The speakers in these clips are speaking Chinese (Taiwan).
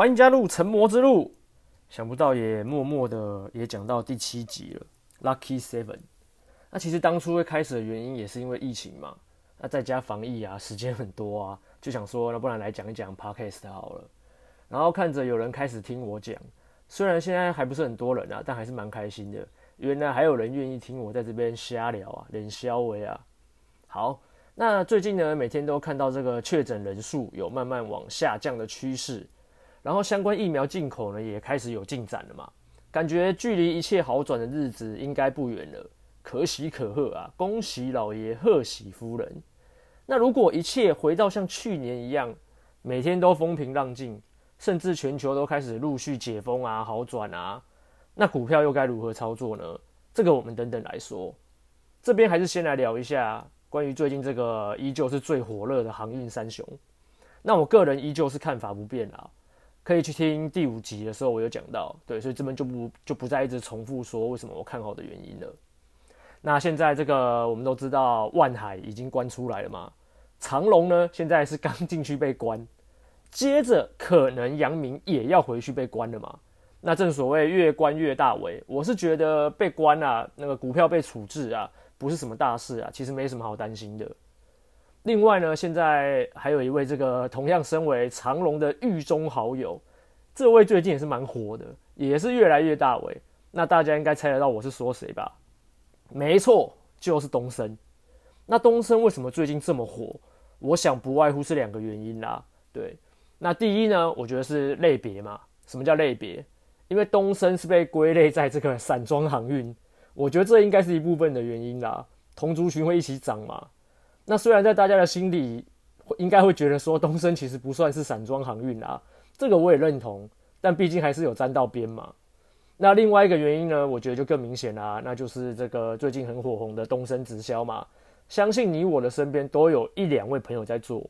歡迎加入成魔之路，想不到也默默的也講到第七集了，Lucky Seven。那其實當初會開始的原因也是因為疫情嘛，那在家防疫啊，時間很多啊，就想說那不然來講一講 Podcast 好了。然後看着有人開始聽我講，雖然現在還不是很多人啊，但還是蠻開心的，原來還有人願意聽我在這邊瞎聊啊，臉消微啊。好，那最近呢，每天都看到這個確診人數有慢慢往下降的趨勢。然後相關疫苗進口呢，也開始有進展了嘛？感覺距離一切好轉的日子應該不遠了，可喜可賀啊！恭喜老爺，賀喜夫人。那如果一切回到像去年一樣，每天都風平浪靜，甚至全球都開始陸續解封啊、好轉啊，那股票又該如何操作呢？這個我們等等來說。這邊還是先來聊一下關於最近這個依舊是最火熱的航運三雄。那我個人依舊是看法不變啊。可以去聽第五集的時候，我有講到，對，所以這邊就不就不再一直重複說為什麼我看好的原因了。那現在這個我們都知道，萬海已經關出來了嘛，長榮呢現在是剛進去被關，接着可能陽明也要回去被關了嘛。那正所謂越關越大尾，我是覺得被關啊，那個股票被處置啊，不是什麼大事啊，其實沒什麼好擔心的。另外呢，現在還有一位這個同樣身為長隆的獄中好友，這位最近也是蠻火的，也是越來越大尾。那大家應該猜得到我是說誰吧？沒錯，就是東森。那東森為什麼最近這麼火？我想不外乎是兩個原因啦。對，那第一呢，我覺得是類別嘛。什麼叫類別？因為東森是被歸類在這個散裝航運，我覺得這應該是一部分的原因啦。同族群會一起漲嘛。那雖然在大家的心裡應該會覺得說東森其實不算是散裝航運啦。這個我也認同，但畢竟還是有沾到邊嘛。那另外一個原因呢，我覺得就更明顯啦，那就是這個最近很火紅的東森直銷嘛，相信你我的身邊都有一兩位朋友在做，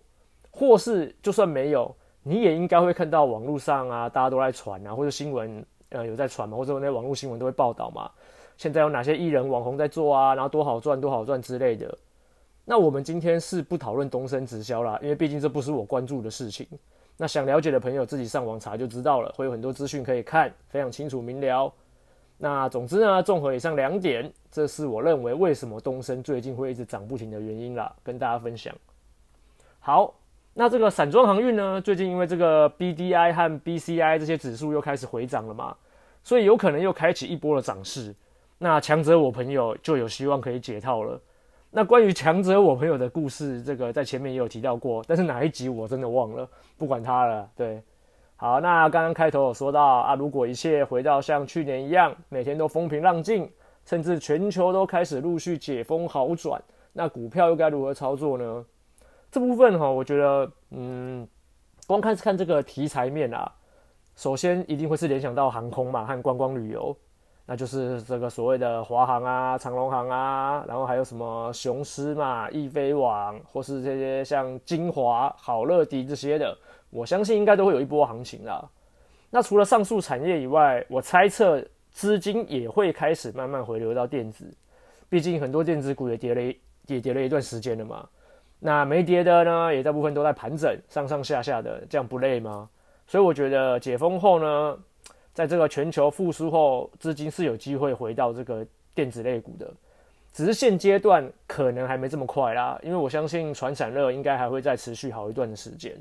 或是就算沒有，你也應該會看到網絡上啊，大家都在傳啊，或者新聞呃有在傳嘛，或者那些網絡新聞都會報道嘛，現在有哪些藝人網紅在做啊，然後多好賺多好賺之類的。那我們今天是不討論東森直銷啦，因為畢竟這不是我關注的事情。那想了解的朋友自己上網查就知道了，會有很多資訊可以看，非常清楚明了。那總之呢，綜合以上兩點，這是我認為為什麼東森最近會一直漲不停的原因啦，跟大家分享。好，那這個散裝航運呢，最近因為這個 BDI 和 BCI 這些指數又開始回漲了嘛，所以有可能又開啟一波的漲勢。那強者我朋友就有希望可以解套了。那關於強者我朋友的故事，這個在前面也有提到過，但是哪一集我真的忘了，不管他了。對，好，那剛剛開頭有說到啊，如果一切回到像去年一樣，每天都風平浪靜，甚至全球都開始陸續解封好轉，那股票又該如何操作呢？這部分哈、哦，我覺得，嗯，光看是看這個題材面啊，首先一定會是聯想到航空嘛和觀光旅遊。那就是這個所謂的華航啊、長榮航啊，然後還有什麼雄獅嘛、易飛網，或是這些像京華、好樂迪這些的，我相信應該都會有一波行情啦。那除了上述產業以外，我猜測資金也會開始慢慢回流到電子，畢竟很多電子股也跌了，也跌了一段時間了嘛。那沒跌的呢，也大部分都在盤整，上上下下的，這樣不累嗎？所以我覺得解封後呢。在這個全球復甦後，資金是有機會回到這個電子類股的，只是現階段可能還沒這麼快啦。因為我相信傳產熱應該還會再持續好一段的時間。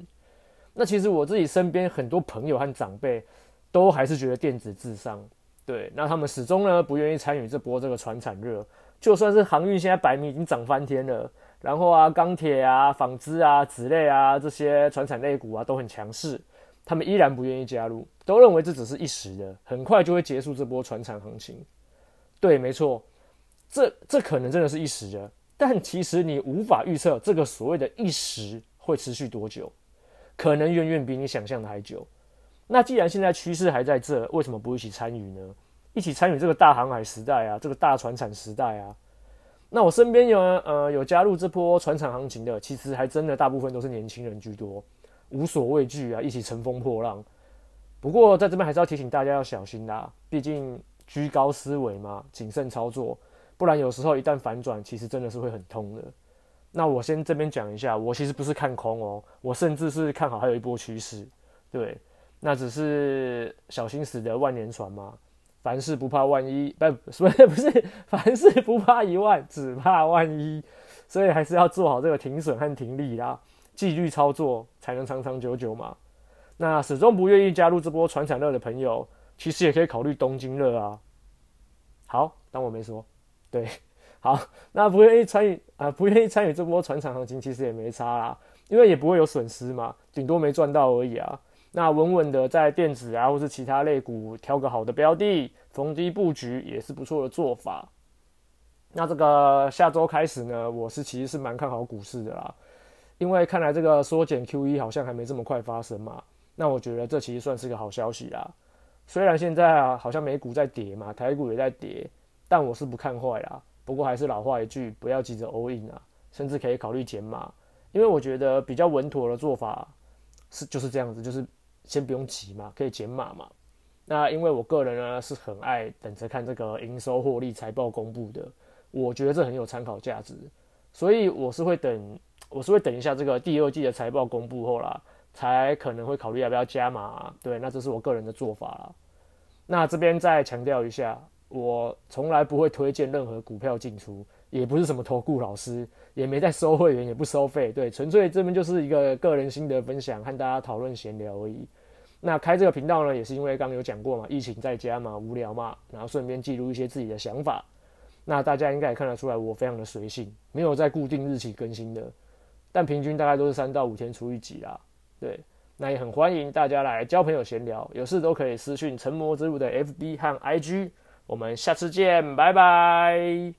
那其實我自己身邊很多朋友和長輩都還是覺得電子智商，對，那他們始終呢，不願意參與這波這個傳產熱。就算是航運現在擺明已經漲翻天了，然後啊鋼鐵啊、紡織啊、紙類啊這些傳產類股啊都很強勢。他們依然不願意加入，都認為這只是一時的，很快就會結束這波傳產行情。對，沒錯，這這可能真的是一時的，但其實你無法預測這個所謂的“一時”會持續多久，可能遠遠比你想象的還久。那既然現在趨勢還在這，為什麼不一起參與呢？一起參與這個大航海時代啊，這個大傳產時代啊。那我身邊有呃有加入這波傳產行情的，其實還真的大部分都是年輕人居多。無所畏懼啊！一起乘風破浪。不過在這邊還是要提醒大家要小心啦、啊，畢竟居高思危嘛，謹慎操作，不然有時候一旦反轉，其實真的是會很痛的。那我先這邊講一下，我其實不是看空哦，我甚至是看好還有一波趨勢，對，那只是小心駛得萬年船嘛，凡事不怕萬一，不，不是？凡事不怕一萬，只怕萬一，所以還是要做好這個停損和停利啦。紀律操作才能長長久久嘛。那始終不願意加入這波傳產熱的朋友，其實也可以考慮東京熱啊。好，當我沒說。對，好，那不願意參與啊、呃，不願意參與這波傳產行情，其實也沒差啦，因為也不會有損失嘛，頂多沒賺到而已啊。那穩穩的在電子啊，或是其他類股挑個好的標的逢低布局，也是不錯的做法。那這個下周開始呢，我是其實是蠻看好股市的啦。因為看來這個縮減 QE 好像還沒這麼快發生嘛，那我覺得這其實算是個好消息啦。雖然現在啊好像美股在跌嘛，台股也在跌，但我是不看壞啦。不過還是老話一句，不要急着 all in 啊，甚至可以考慮減碼，因為我覺得比較穩妥的做法是就是這樣子，就是先不用急嘛，可以減碼嘛。那因為我個人呢是很愛等着看這個營收獲利財報公布的，我覺得這很有參考價值，所以我是會等。我是會等一下這個第二季的財報公布後啦，才可能會考慮要不要加碼啊。對，那這是我個人的做法啦。那這邊再強調一下，我從來不會推薦任何股票進出，也不是什麼投顧老師，也沒在收會員，也不收費。對，純粹這邊就是一個個人心得分享，和大家討論閒聊而已。那開這個頻道呢，也是因為剛剛有講過嘛，疫情在家嘛，無聊嘛，然後順便記錄一些自己的想法。那大家應該也看得出來，我非常的隨性，沒有在固定日期更新的。但平均大概都是三到五天出一集啦，對，那也很歡迎大家來交朋友閒聊，有事都可以私訊《成魔之路》的 FB 和 IG，我們下次見，拜拜。